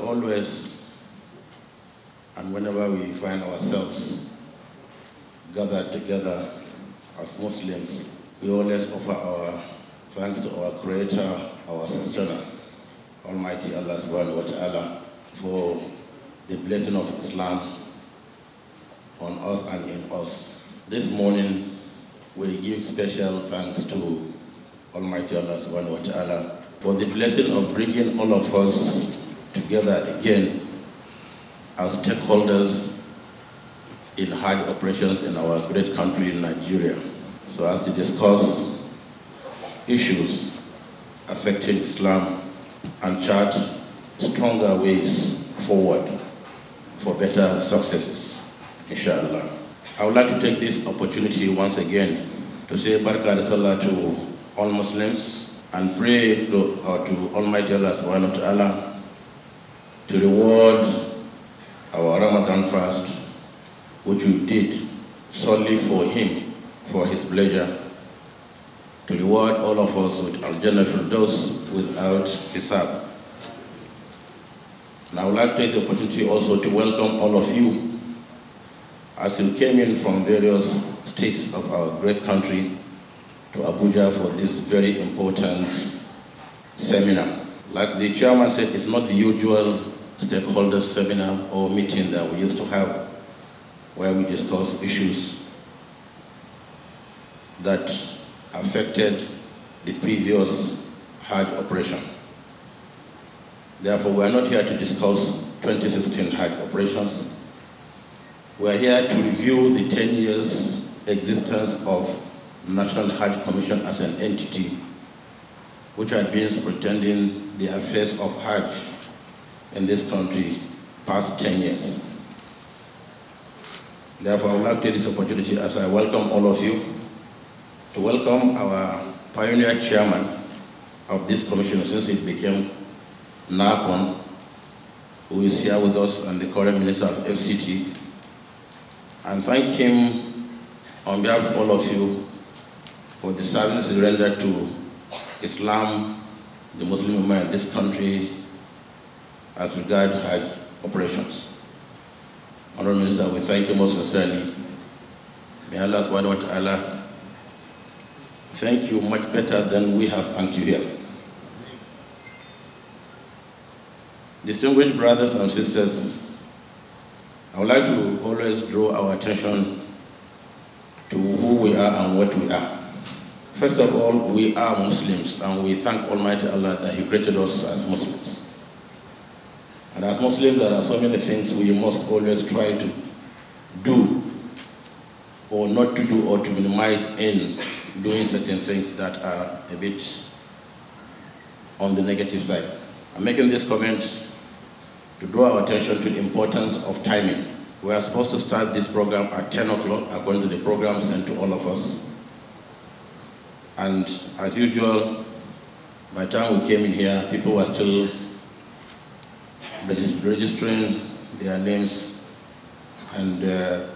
always, and whenever we find ourselves gathered together as Muslims, we always offer our thanks to our Creator, our Sustainer, Almighty Allah subhanahu wa ta'ala, for the blessing of Islam on us and in us. This morning, we give special thanks to Almighty Allah subhanahu wa ta'ala for the blessing of bringing all of us together again as stakeholders in hard operations in our great country, Nigeria, so as to discuss issues affecting Islam and chart stronger ways forward for better successes, inshallah. I would like to take this opportunity once again to say Barakah to all Muslims and pray to, uh, to Almighty Allah subhanahu wa ta'ala to reward our Ramadan fast, which we did solely for him, for his pleasure, to reward all of us with Al-Jannah Firdaus without hisab. And I would like to take the opportunity also to welcome all of you as you came in from various states of our great country to Abuja for this very important seminar. Like the chairman said, it's not the usual stakeholders seminar or meeting that we used to have where we discussed issues that affected the previous hard operation. Therefore, we are not here to discuss 2016 hard operations. We are here to review the 10 years existence of National Hajj Commission as an entity which had been superintending the affairs of Hajj in this country past 10 years. Therefore, I would like to take this opportunity as I welcome all of you to welcome our pioneer chairman of this commission since it became NAPON, who is here with us and the current minister of FCT, and thank him on behalf of all of you for the services rendered to Islam, the Muslim women in this country, as regards Hajj operations. Honourable Minister, we thank you most sincerely. May Allah subhanahu wa ta'ala thank you much better than we have thanked you here. Distinguished brothers and sisters, I would like to always draw our attention to who we are and what we are. First of all, we are Muslims and we thank Almighty Allah that He created us as Muslims. And as Muslims, there are so many things we must always try to do or not to do or to minimize in doing certain things that are a bit on the negative side. I'm making this comment to draw our attention to the importance of timing. We are supposed to start this program at 10 o'clock according to the program sent to all of us. And as usual, by the time we came in here, people were still registering their names and uh,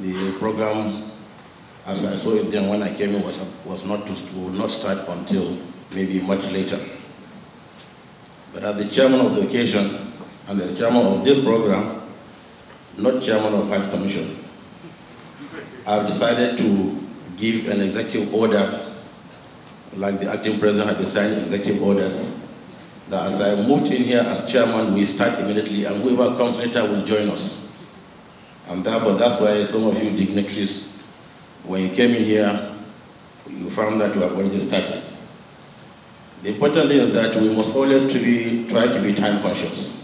the program, as I saw it then when I came in, was, was not to, would not start until maybe much later. But as the chairman of the occasion and the chairman of this program, not chairman of Hajj Commission, I've decided to give an executive order, like the acting president had signed executive orders, that as I moved in here as chairman, we start immediately, and whoever comes later will join us. And therefore, that's why some of you dignitaries, when you came in here, you found that you have already started. The important thing is that we must always to be, try to be time conscious.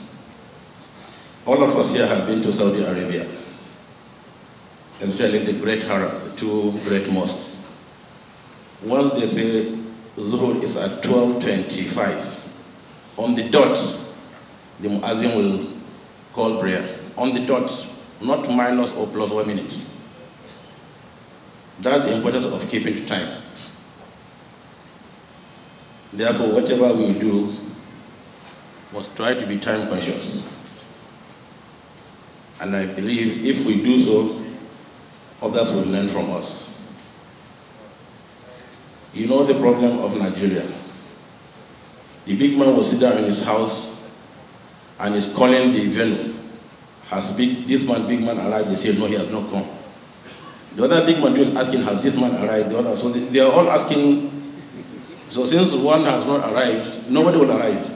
All of us here have been to Saudi Arabia, especially the great harams, the two great mosques. Once they say Zuhur is at 12.25, on the dot, the muazzin will call prayer. On the dot, not minus or plus one minute. That's the importance of keeping time. Therefore, whatever we do must try to be time conscious. And I believe if we do so, others will learn from us. You know the problem of Nigeria. The big man was sitting down in his house and he's calling the venue. Has big, this man, big man arrived? They said, no, he has not come. The other big man is asking, has this man arrived? The other, so they, they are all asking. So since one has not arrived, nobody will arrive.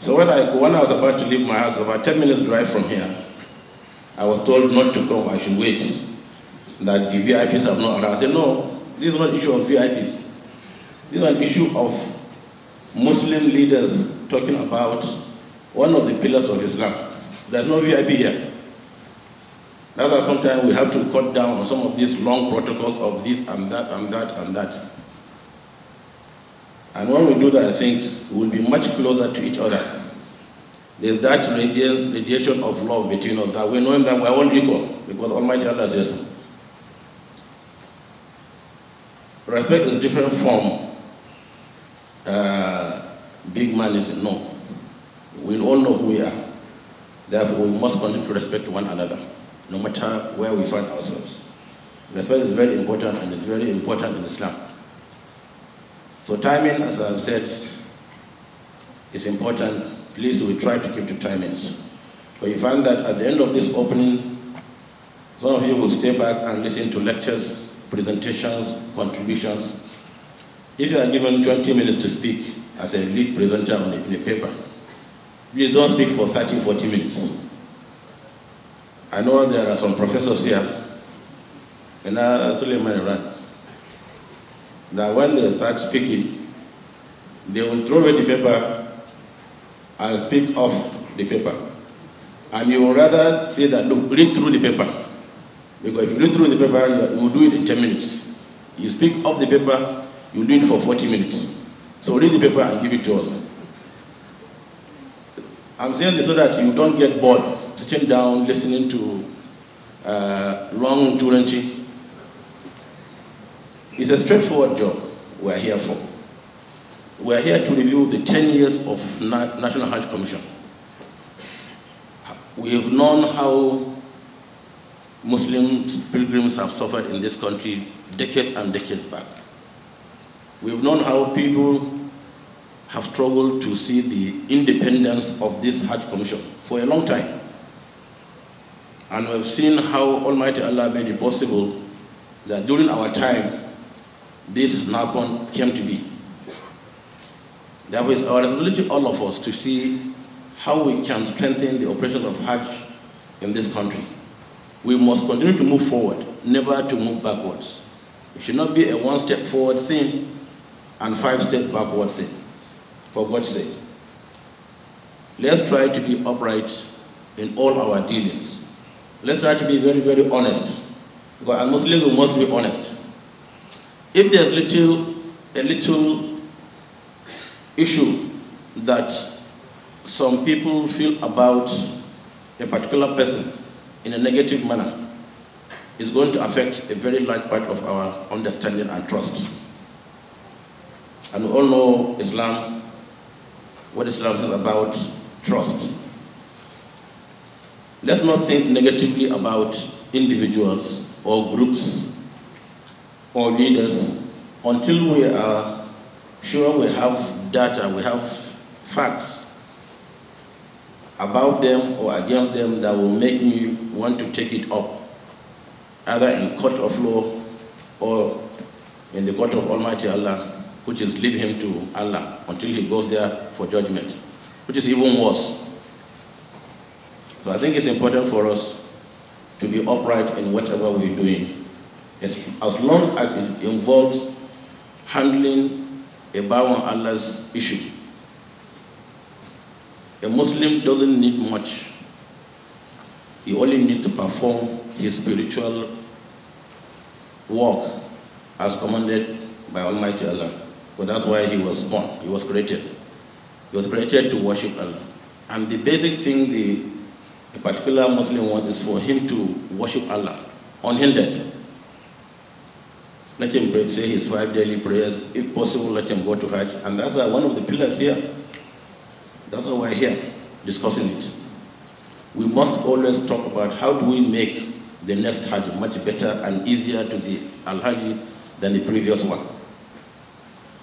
So when I, when I was about to leave my house, about 10 minutes drive from here, I was told not to come, I should wait, that the VIPs have not arrived. I said, no, this is not issue of VIPs. This is an issue of Muslim leaders talking about one of the pillars of Islam. There's no VIP here. That's why sometimes we have to cut down on some of these long protocols of this and that and that and that. And when we do that, I think we'll be much closer to each other. There's that radiation of love between us that we know that we're all equal because Almighty Allah says. Respect is different from no. We all know who we are. Therefore, we must continue to respect one another, no matter where we find ourselves. Respect is very important and it's very important in Islam. So timing, as I've said, is important. Please, we try to keep the timings. But you find that at the end of this opening, some of you will stay back and listen to lectures, presentations, contributions. If you are given 20 minutes to speak, as a lead presenter on a, in a paper. Please don't speak for 30, 40 minutes. I know there are some professors here, and I'm uh, Suleiman Iran, that when they start speaking, they will throw away the paper and speak off the paper. And you would rather say that, look, read through the paper. Because if you read through the paper, you will do it in 10 minutes. You speak off the paper, you do it for 40 minutes. So read the paper and give it to us. I'm saying this so that you don't get bored sitting down listening to uh, long Turanchi. It's a straightforward job we're here for. We're here to review the 10 years of Na National Hajj Commission. We have known how Muslim pilgrims have suffered in this country decades and decades back. We've known how people have struggled to see the independence of this Hajj Commission for a long time. And we've seen how Almighty Allah made it possible that during our time, this NACON came to be. That was our responsibility, all of us, to see how we can strengthen the operations of Hajj in this country. We must continue to move forward, never to move backwards. It should not be a one step forward thing, and five steps backward thing, for God's sake. Let's try to be upright in all our dealings. Let's try to be very, very honest. Because as Muslims, we must be honest. If there's little, a little issue that some people feel about a particular person in a negative manner, is going to affect a very large part of our understanding and trust. And we all know Islam, what Islam is about, trust. Let's not think negatively about individuals or groups or leaders until we are sure we have data, we have facts about them or against them that will make me want to take it up, either in court of law or in the court of Almighty Allah which is lead him to Allah until he goes there for judgment, which is even worse. So I think it's important for us to be upright in whatever we're doing, as, as long as it involves handling a Bawan Allah's issue. A Muslim doesn't need much. He only needs to perform his spiritual work as commanded by Almighty Allah because that's why he was born, he was created. He was created to worship Allah. And the basic thing the, the particular Muslim wants is for him to worship Allah unhindered. Let him pray, say his five daily prayers. If possible, let him go to Hajj. And that's one of the pillars here. That's why we're here discussing it. We must always talk about how do we make the next Hajj much better and easier to the Al-Hajj than the previous one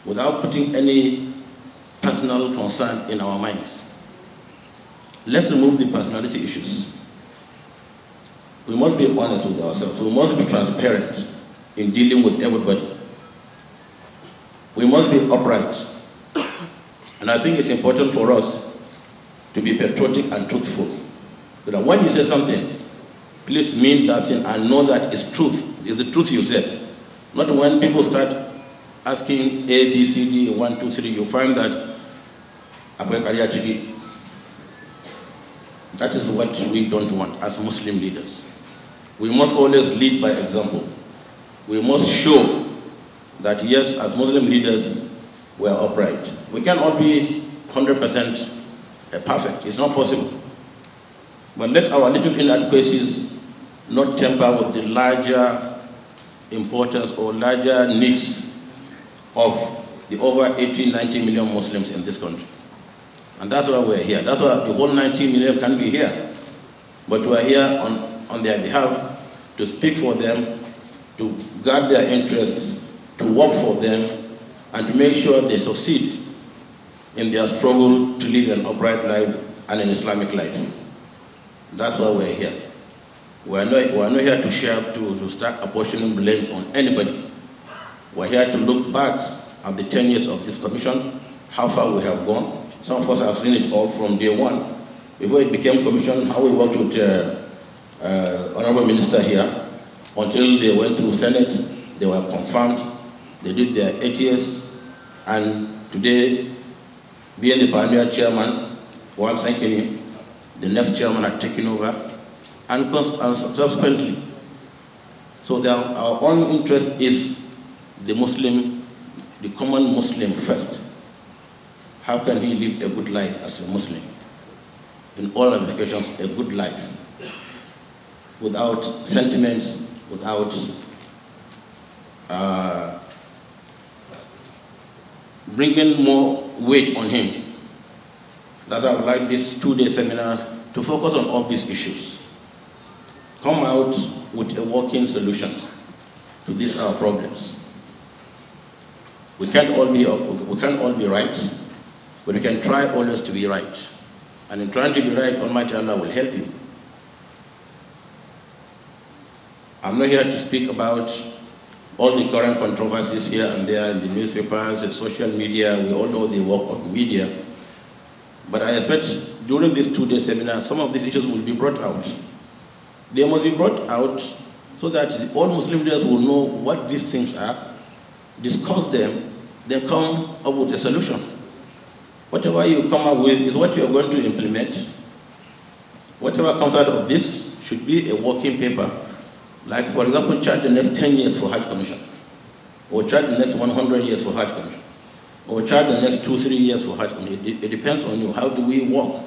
without putting any personal concern in our minds. Let's remove the personality issues. We must be honest with ourselves. We must be transparent in dealing with everybody. We must be upright. And I think it's important for us to be patriotic and truthful. that when you say something, please mean that thing and know that it's truth. It's the truth you said. Not when people start asking A, B, C, D, 1, 2, 3, you find that akwai That is what we don't want as Muslim leaders. We must always lead by example. We must show that yes, as Muslim leaders, we are upright. We cannot be 100% uh, perfect. It's not possible. But let our little inadequacies not temper with the larger importance or larger needs of the over 18, 19 million Muslims in this country. And that's why we're here. That's why the whole 19 million can be here. But we're here on, on their behalf to speak for them, to guard their interests, to work for them, and to make sure they succeed in their struggle to live an upright life and an Islamic life. That's why we're here. We're not, we're not here to share, to, to start apportioning blame on anybody. We're here to look back at the 10 years of this commission, how far we have gone. Some of us have seen it all from day one. Before it became commission, how we worked with uh, uh, Honorable Minister here, until they went through Senate, they were confirmed, they did their eight years, and today, being the pioneer chairman, while thanking him, the next chairman had taken over, and, and subsequently. So their, our own interest is the Muslim, the common Muslim first. How can he live a good life as a Muslim? In all applications, a good life. Without sentiments, without uh, bringing more weight on him. That's why I would like this two-day seminar to focus on all these issues. Come out with a working solutions to these our problems. We can't all be we can't all be right, but we can try always to be right. And in trying to be right, Almighty Allah will help you. I'm not here to speak about all the current controversies here and there in the newspapers and social media. We all know the work of media. But I expect during this two-day seminar, some of these issues will be brought out. They must be brought out so that all Muslim leaders will know what these things are, discuss them, then come up with a solution. Whatever you come up with is what you are going to implement. Whatever comes out of this should be a working paper. Like, for example, charge the next 10 years for Hajj Commission, or charge the next 100 years for Hajj Commission, or charge the next two, three years for Hajj Commission. It, it depends on you. How do we work?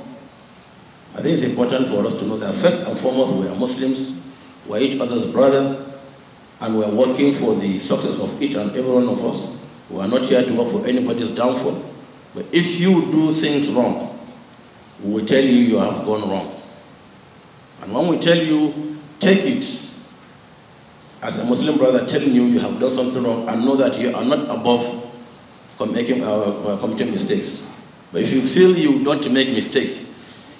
I think it's important for us to know that first and foremost, we are Muslims, we are each other's brothers, and we are working for the success of each and every one of us. We are not here to work for anybody's downfall. But if you do things wrong, we will tell you you have gone wrong. And when we tell you, take it as a Muslim brother telling you you have done something wrong and know that you are not above making, uh, uh, committing mistakes. But if you feel you don't make mistakes,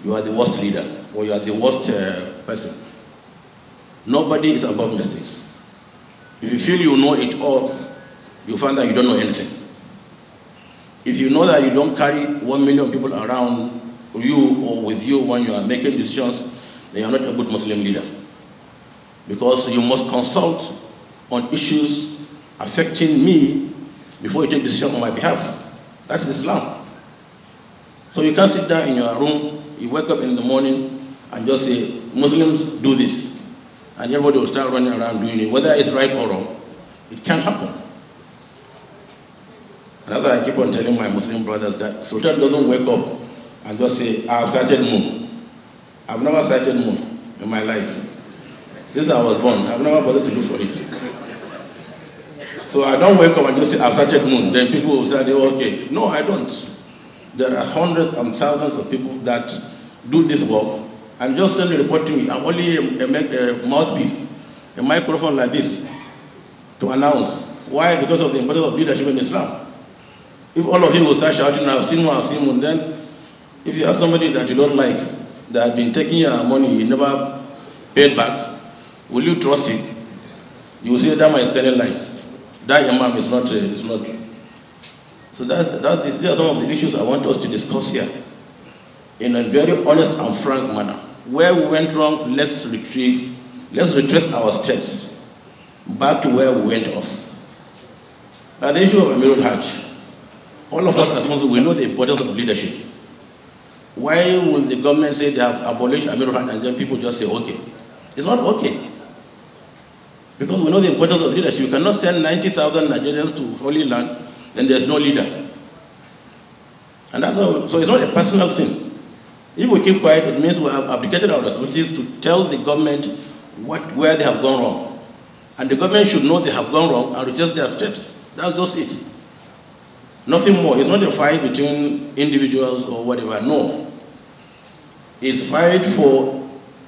you are the worst leader or you are the worst uh, person. Nobody is above mistakes. If you feel you know it all, you find that you don't know anything. If you know that you don't carry one million people around you or with you when you are making decisions, then you are not a good Muslim leader. Because you must consult on issues affecting me before you take decisions on my behalf. That's Islam. So you can't sit down in your room, you wake up in the morning and just say, Muslims, do this. And everybody will start running around doing it. Whether it's right or wrong, it can not happen. Another, I keep on telling my Muslim brothers that Sultan doesn't wake up and just say, I've sighted moon. I've never sighted moon in my life. Since I was born, I've never bothered to look for it. So I don't wake up and just say, I've sighted moon. Then people will say, okay. No, I don't. There are hundreds and thousands of people that do this work and just send a report to me. I'm only a, a, a mouthpiece, a microphone like this to announce. Why? Because of the importance of leadership in Islam. If all of you will start shouting, I've seen one, I've seen one, then if you have somebody that you don't like, that has been taking your money, you never paid back, will you trust him? You will say, that man is telling lies. That imam is not, uh, is not true. So that's, that's, these are some of the issues I want us to discuss here in a very honest and frank manner. Where we went wrong, let's retrieve, let's retrace our steps back to where we went off. Now the issue of Amirul Hajj, all of us responsible, we know the importance of leadership. Why will the government say they have abolished Amirul Haq and then people just say, okay? It's not okay. Because we know the importance of leadership. You cannot send 90,000 Nigerians to Holy Land and there's no leader. And that's all. so it's not a personal thing. If we keep quiet, it means we have abdicated our responsibilities to tell the government what, where they have gone wrong. And the government should know they have gone wrong and retrace their steps. That's just it. Nothing more. It's not a fight between individuals or whatever. No. It's fight for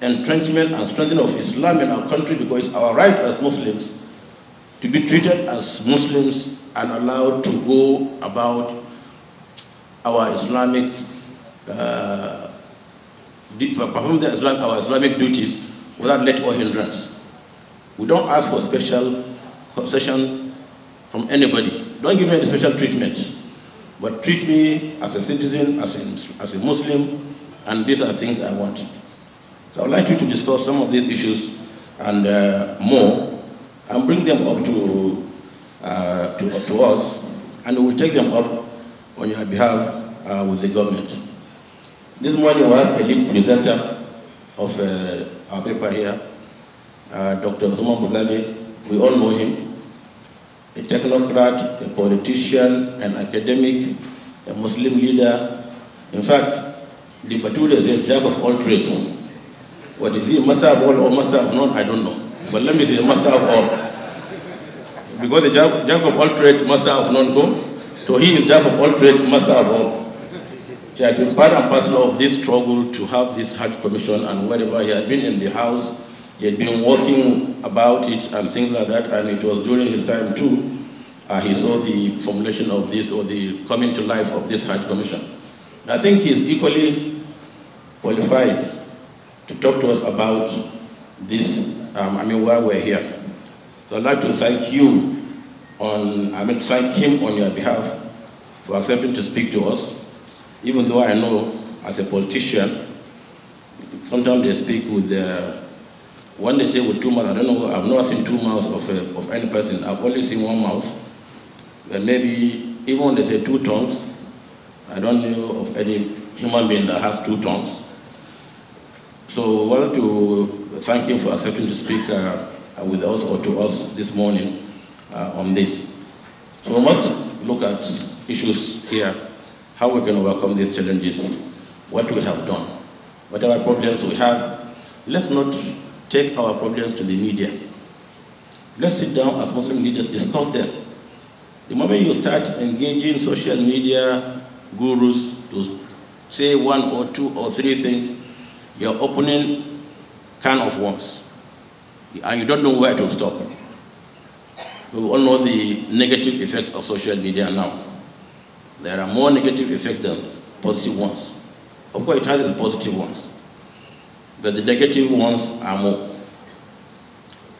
entrenchment and strengthening of Islam in our country because it's our right as Muslims to be treated as Muslims and allowed to go about our Islamic, uh, perform the Islam, our Islamic duties without let or hindrance. We don't ask for special concession from anybody. Don't give me any special treatment, but treat me as a citizen, as a, as a Muslim, and these are things I want. So I'd like you to discuss some of these issues and uh, more, and bring them up to, uh, to, up to us, and we'll take them up on your behalf uh, with the government. This morning we have a lead presenter of uh, our paper here, uh, Dr. Osman Bugabe. We all know him a technocrat, a politician, an academic, a Muslim leader. In fact, the is a jack of all trades. What is he, master of all or master of none? I don't know. But let me say, master of all. Because the jack, jack of all trades, master of none, go. So he is jack of all trades, master of all. He had been part and parcel of this struggle to have this Hajj Commission and wherever he had been in the house, he had been working about it and things like that, and it was during his time too, uh, he saw the formulation of this or the coming to life of this Hajj Commission. I think he is equally qualified to talk to us about this, um, I mean, why we're here. So I'd like to thank you on, I mean, thank him on your behalf for accepting to speak to us, even though I know as a politician, sometimes they speak with their uh, when they say with two mouths, I don't know, I've never seen two mouths of, a, of any person. I've only seen one mouth. And maybe even when they say two tongues, I don't know of any human being that has two tongues. So I wanted to thank him for accepting to speak uh, uh, with us or to us this morning uh, on this. So we must look at issues here, how we can overcome these challenges, what we have done, whatever problems we have. Let's not take our problems to the media. Let's sit down as Muslim leaders, discuss them. The moment you start engaging social media gurus to say one or two or three things, you're opening can of worms. And you don't know where to stop. We all know the negative effects of social media now. There are more negative effects than positive ones. Of course, it has the positive ones but the negative ones are more.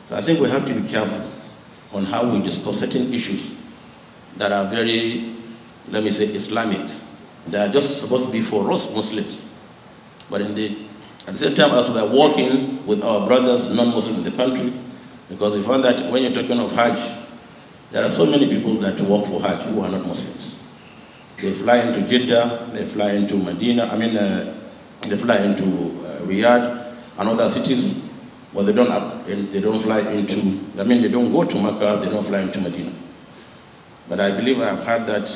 So I think we have to be careful on how we discuss certain issues that are very, let me say, Islamic. They are just supposed to be for us Muslims. But the, at the same time, as we are working with our brothers, non-Muslims in the country, because we find that when you're talking of Hajj, there are so many people that work for Hajj who are not Muslims. They fly into Jeddah, they fly into Medina, I mean, uh, they fly into uh, Riyadh and other cities, but they don't, they don't fly into, I mean, they don't go to Makkah, they don't fly into Medina. But I believe I have heard that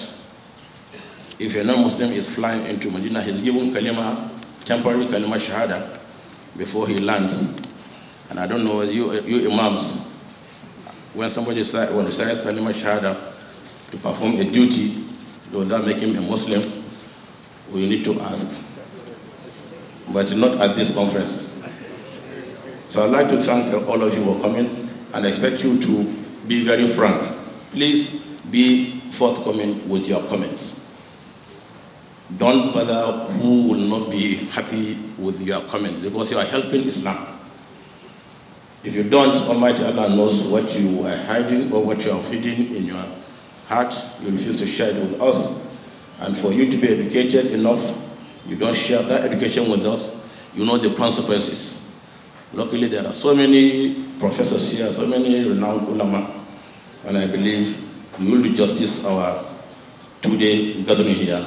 if a non-Muslim is flying into Medina, he's given kalima, temporary kalima shahada before he lands. And I don't know you, you imams, when somebody says, when says kalima shahada to perform a duty, does that make him a Muslim? We need to ask but not at this conference. So I'd like to thank all of you for coming and I expect you to be very frank. Please be forthcoming with your comments. Don't bother who will not be happy with your comments because you are helping Islam. If you don't, Almighty Allah knows what you are hiding or what you are hidden in your heart. You refuse to share it with us. And for you to be educated enough you don't share that education with us, you know the consequences. Luckily, there are so many professors here, so many renowned ulama, and I believe we will do justice our two-day gathering here.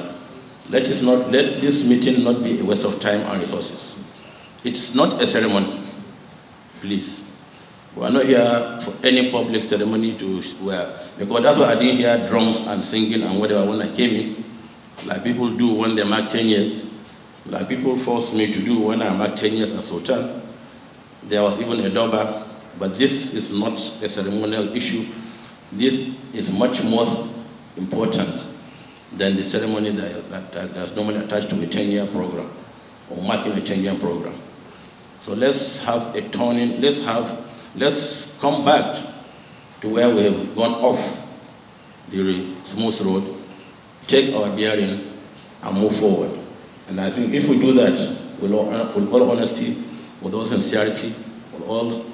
Let, us not, let this meeting not be a waste of time and resources. It's not a ceremony, please. We are not here for any public ceremony to where, because that's why I didn't hear drums and singing and whatever when I came in, like people do when they mark 10 years like people forced me to do when I marked 10 years as Sultan. There was even a doba, but this is not a ceremonial issue. This is much more important than the ceremony that, that, that, that's normally attached to a 10-year program or marking a 10-year program. So let's have a turning, let's have, let's come back to where we have gone off the smooth road, take our bearing and move forward. And I think if we do that, with all, uh, with all honesty, with all sincerity, with all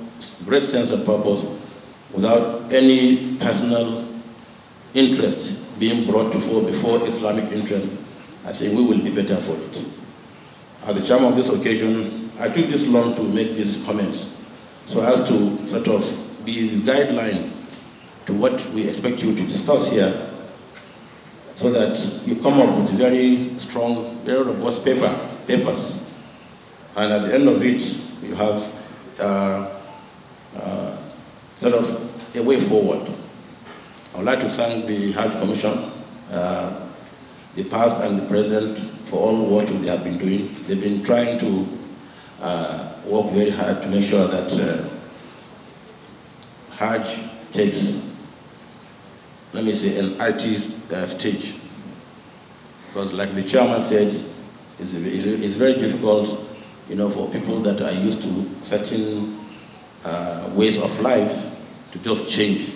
great sense of purpose, without any personal interest being brought to fore before Islamic interest, I think we will be better for it. At the charm of this occasion, I took this long to make these comments so as to sort of be the guideline to what we expect you to discuss here so that you come up with very strong, very robust paper, papers. And at the end of it, you have uh, uh, sort of a way forward. I would like to thank the Hajj Commission, uh, the past and the present, for all work they have been doing. They've been trying to uh, work very hard to make sure that uh, Hajj takes let me say, an IT uh, stage. Because like the chairman said, it's, it's, very difficult, you know, for people that are used to certain uh, ways of life to just change.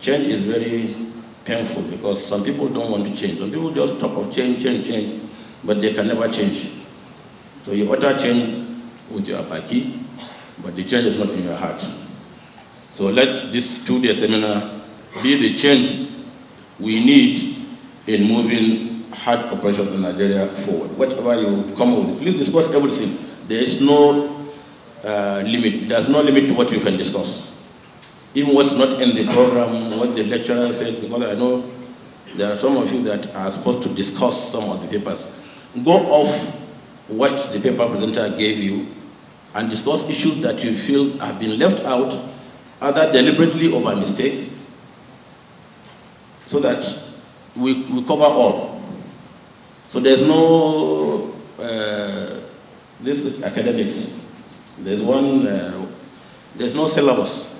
Change is very painful because some people don't want to change. Some people just talk of change, change, change, but they can never change. So you utter change with your baki, but the change is not in your heart. So let this two-day seminar be the change we need in moving hard operations in Nigeria forward. Whatever you come up with, please discuss everything. There is no uh, limit. There's no limit to what you can discuss. Even what's not in the program, what the lecturer said, because I know there are some of you that are supposed to discuss some of the papers. Go off what the paper presenter gave you and discuss issues that you feel have been left out, either deliberately or by mistake, so that we, we cover all. So there's no, uh, this is academics. There's one, uh, there's no syllabus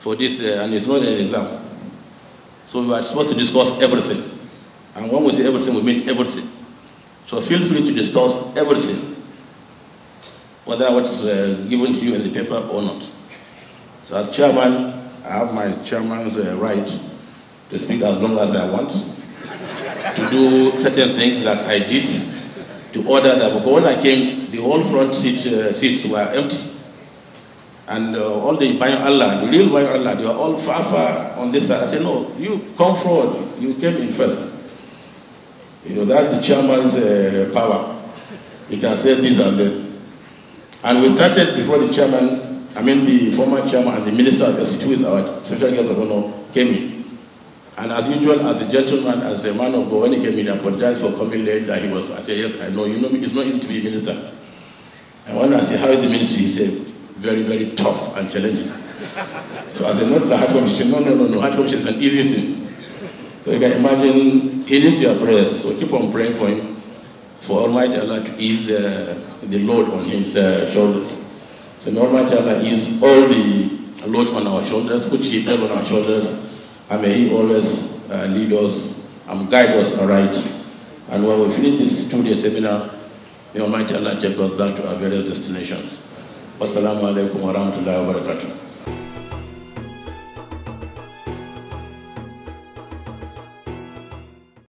for this, uh, and it's not an exam. So we are supposed to discuss everything. And when we say everything, we mean everything. So feel free to discuss everything, whether what's uh, given to you in the paper or not. So as chairman, I have my chairman's uh, right to speak as long as I want, to do certain things that I did, to order that. Because when I came, the whole front seat, uh, seats were empty. And uh, all the Bayan Allah, the real Bayan Allah, they were all far, far on this side. I said, no, you come forward. You came in first. You know, that's the chairman's uh, power. He can say this and that. And we started before the chairman, I mean the former chairman and the minister of the 2 is our central of honor, came in. And as usual, as a gentleman, as a man of God, when he came in, he apologized for coming late that he was. I said, yes, I know. You know, me; it's not easy to be a minister. And when I said, how is the ministry? He said, very, very tough and challenging. so I said, not the hard commission. No, no, no, no. Hard commission is an easy thing. So you can imagine, he needs your prayers. So keep on praying for him, for Almighty Allah to ease uh, the load on his uh, shoulders. So Almighty Allah ease all the load on our shoulders, which he placed on our shoulders and may He always uh, lead us and guide us aright. And when we finish this two-day seminar, may Almighty Allah take us back to our various destinations. Wassalamu alaikum wa rahmatullahi wa barakatuh.